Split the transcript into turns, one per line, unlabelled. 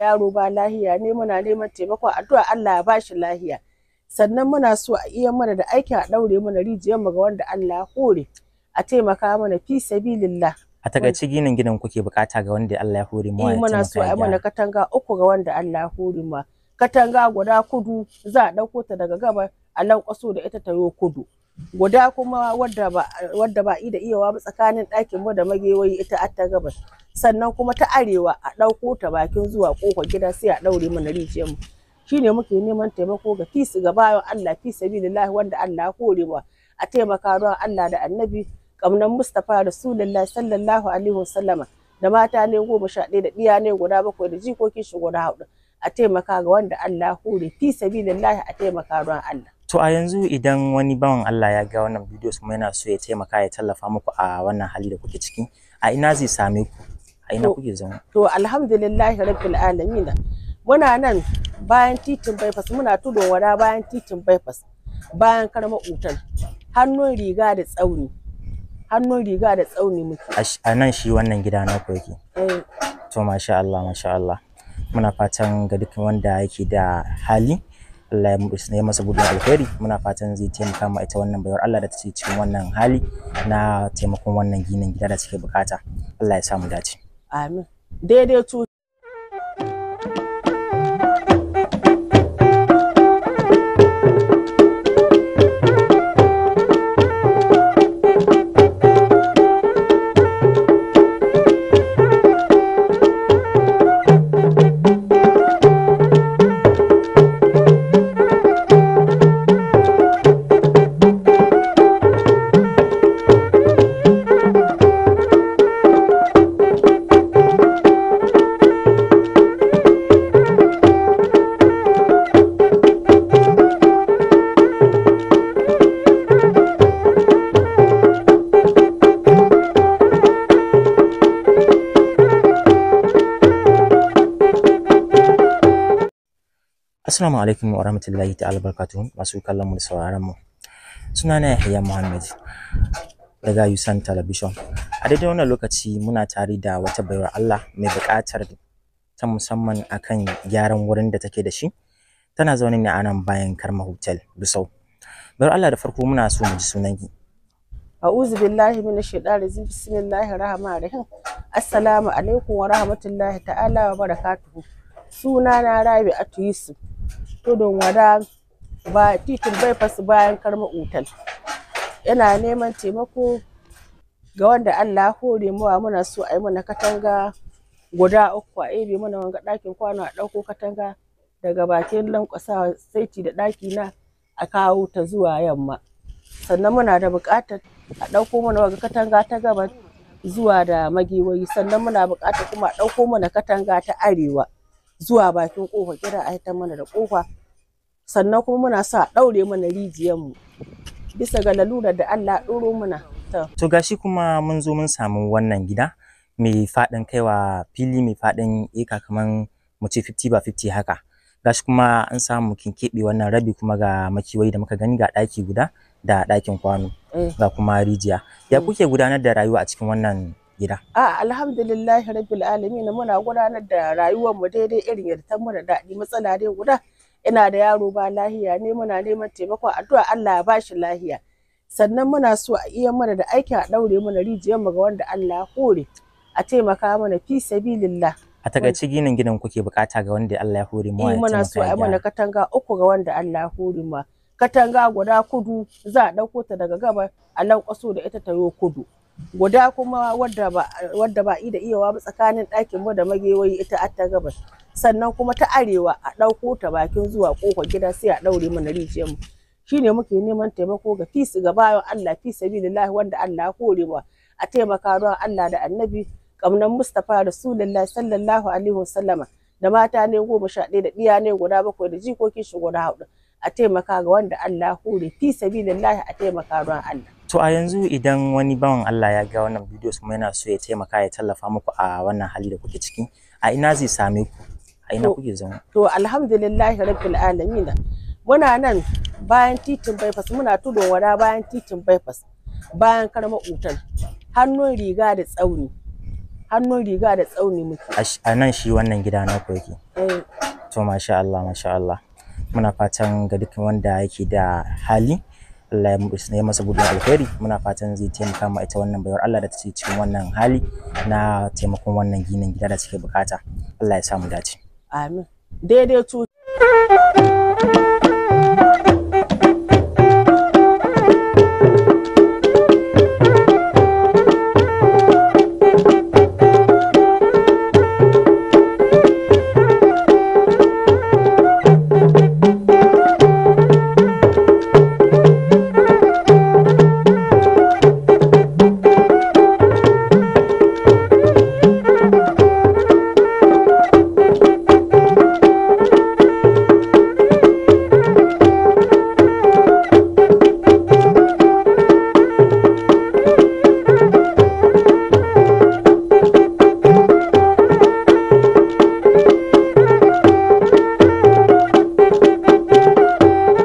yaro ba lahiya ne muna neman taimakon addu'a Allah ya bashi lahiya sannan muna so a iya mana da aiki a daure mana rijiyar mu ga wanda Allah ya hore a taimaka mana fi sabilillah
a takaice ginin gidan kuke bukata ga wanda Allah ya hore mu eh, muna so a mana
katanga uku ga wanda Allah ya hore mu katanga guda kudu za a dauko ta daga gaba a lankwaso da ita ta yo kudu guda kuma wadda ba ida iyawa ba tsakanin ɗakin mu da magewayi ita a ta gabas sannan kuma ta arewa a ɗauko ta bakin zuwa ƙofar gida sai a ɗaure mana rijiyar mu shine muke neman taimako ga fisi ga bayan Allah fi sabilillahi wanda Allah ya kore wa a taimaka ruwan Allah da annabi kamnan Mustapha Rasulullah sallallahu alaihi wasallama da mata ne goma sha ɗaya da ɗiya ne guda bakwai da jikokin shi guda hudu a taimaka ga wanda Allah ya kore fi sabilillahi a taimaka ruwan Allah To
a yanzu idan wani bawan Allah ya ga wannan bidiyo kuma yana so ya taimaka ya tallafa muku a wannan hali da kuke ciki, a ina zai same ku? A ina kuke zama?
To alhamdulillahi rabbil alamin. Muna nan bayan titin bypass muna tudun wada bayan titin bypass bayan karma utar hannun riga da tsauni hannun riga da tsauni muke
a nan shi wannan gida na ku yake eh. to masha Allah masha Allah muna fatan ga dukkan wanda yake da hali Allah ya ne masa gudun alheri muna fatan zai taimaka ma ita wannan bayar Allah da take cikin wannan hali na taimakon wannan ginin gida da take bukata Allah ya samu dace
amin daidai
Assalamu alaikum wa rahmatullahi ta'ala barakatuhu masu kallon mu da sauraron mu. Sunana Yahya Muhammad daga Yusan Television. A daidai wannan lokaci muna tare da wata baiwar Allah mai buƙatar ta musamman akan gyaran wurin da take da shi. Tana zaune ne a nan bayan Karma Hotel bisau bayar Allah da farko muna so mu ji sunanki.
A'udhu billahi minash shaitani rajim. Bismillahir rahmanir rahim. Assalamu alaikum wa rahmatullahi ta'ala wa barakatuhu. Sunana Rabi'atu Yusuf. tudun wada ba titin fasu bayan karma otal yana neman taimako ga wanda Allah hore mawa muna so a yi mana katanga guda uku a ebe mana wanga ɗakin kwano a ɗauko katanga daga bakin lankwasa saiti da ɗaki na a kawo ta zuwa yamma sannan muna da buƙatar a ɗauko mana wanga katanga ta gaba zuwa da magewayi sannan muna buƙatar kuma a ɗauko mana katanga ta arewa zuwa bakin ƙofa gida a mana da kofa. sannan kuma muna sa ɗaure mana rijiyar mu bisa ga lalurar da Allah ɗoro muna.
To gashi kuma mun zo mun samu wannan gida mai faɗin kaiwa fili mai faɗin eka kaman mu ce 50 ba 50 haka. Gashi kuma an samu kin keɓe wannan rabi kuma ga makiwai da muka gani ga ɗaki guda da dakin kwano eh. ga kuma rijiya. Ya mm. kuke gudanar da rayuwa a cikin wannan
gida? A alhamdulillah rabbil alamin muna gudanar da rayuwar mu daidai irin yadda ta muna daɗi matsala dai guda. ina da yaro ba lahiya ne muna neman taimakon addu'a Allah ya bashi lahiya sannan muna so a iya mana da aiki a daure mana rijiyar mu ga wanda Allah ya hore a taimaka mana fi sabilillah
a takaice ginin gidan kuke bukata ga wanda Allah ya hore mu eh, muna so a mana
katanga uku ga wanda Allah ya hore mu katanga guda kudu za a dauko ta daga gaba a lankwaso da ita ta yo kudu guda kuma wadda ba da iyawa ba tsakanin ɗakin mu da magewayi ita a ta gabas sannan kuma ta arewa a ɗauko ta bakin zuwa ƙofar gida sai a ɗaure mana rijiyar mu shine muke neman taimako ga fisi ga bayan Allah fi sabilillahi wanda Allah ya kore wa a taimaka ruwan Allah da annabi kamnan Mustapha Rasulullah sallallahu alaihi wasallama da mata ne goma sha ɗaya da ɗiya ne guda bakwai da jikokin shi guda hudu a taimaka ga wanda Allah ya kore, fi sabilillahi a taimaka ruwan Allah
To a yanzu idan wani bawan Allah ya ga wannan bidiyo kuma yana so ya taimaka ya tallafa muku a wannan hali da kuke ciki, a ina zai same ku? A ina kuke zama?
To alhamdulillahi rabbil alamin. Muna nan bayan titin bypass muna tudon wada bayan titin bypass bayan karma utar hannun riga da tsauni hannun riga da tsauni muke
a nan shi wannan gida na ku yake eh. to masha Allah masha Allah muna fatan ga dukkan wanda yake da hali Allah ya mutu ne masa gudun alheri muna fatan zai taimaka ma ita wannan bayar Allah da take cikin wannan hali na taimakon wannan ginin gida da take bukata Allah ya sa mu dace
amin daidaito